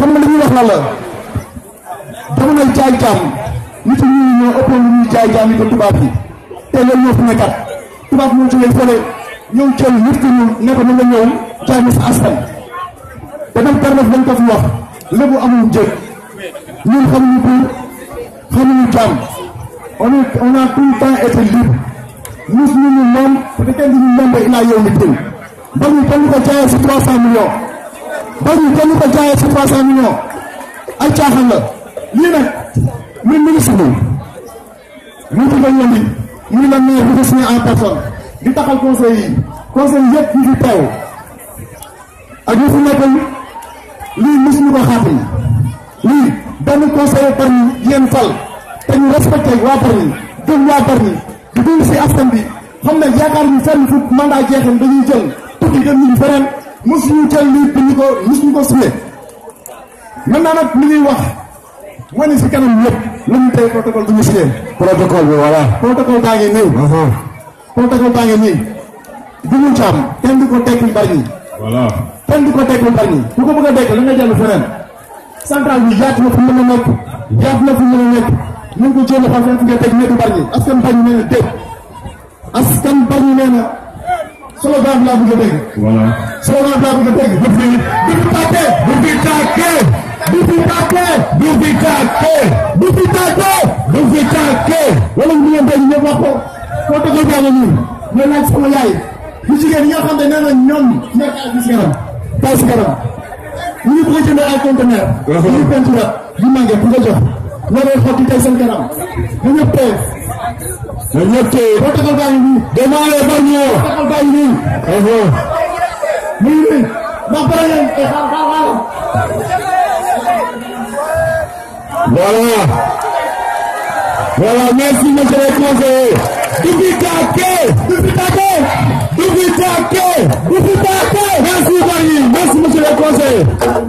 xam nga li ñuy wax la la jamonoy jaay jaam nit ñi ñoo ëpp lu ñuy jaay jaam yi ko tubaab yi te loolu ñoo fi nekkat tubaab moo jógee de ñëw jël nit ki ñu ne ko na nga ñëw jaay ma sa askan te dam permet dañ ko fi wax lébu amul njëg ñun xamuñu buur xamuñu jaam on est on a tout le temps été libre nous ñu ñu moom peut-être ñu moom ba ilaa yow ni de ba ñu ko jaayee si 300 millions ba ñu dañu ko jaayee ci 300 millions ay caaxaan la lii nag ñun ministre bi ñu ngi doon ñëw ñu la maire bi signé en personne di taxal conseil yi conseil yëpp ñu ngi teew ak ñu fi nekkal lii mosuñu ko xaati lii benn conseil par yéen fal te ñu respecté waa Bargny di déglu si askan bi xam ne yaakaar ñu fenn fu mandat jeexam dañuy jël tukki dem ñu mosuñu tel lii bi ñu ko mosuñu ko signé maintenant nag li ñuy wax moo ne si kanam lépp lu ñu tey protocole bi ñu signé. protocole bi voilà. protocole baa ngi nii. Uh-huh. protocole baa ngi nii. bu ñu caam kenn du ko tekkil bari ñi. voilà kenn di ko tekkil bari ñi. bu ko bëgg a dekk la nga jàll feneen. central bi yaatu na fu mu a nekk. yaatu na fu mu mën a nekk. ñu ko jéem a xam fan fi nga teg ñetti bari ñi. askan bari ñu nee na askan bari ñu nee na. laa bëgg a dégg. voilà slogan laa bëgg a dégg. du fi du fi tàkkee. du fi tàkkee. du fi tàkkee. du fi tàkkee. du fi tàkkee. du fi tàkkee. wala ñu ngeen dégg ñëpp wax ko Pas tëggal jàng ñun ñu laaj sama yaay ñu jigéen ñi nga xam ne nee na ñoom nekk ak gis kanam taw si kanam ñu ngi bëgg a jënd ay conteneur. ñu ngi peinture di manqué bu nga jox. la may xotti tey seen kanam na ñëpp tey na ñëpp tey protocole baa ngi nii demandé par ñoo p r o t o c o l a a n a n g e a voilà voilà merci monsieur le conseiller d u b i d a k é d u b i d a k é d u b i d a k é d u b i d a k é merci Bargny merci monsieur le conseiller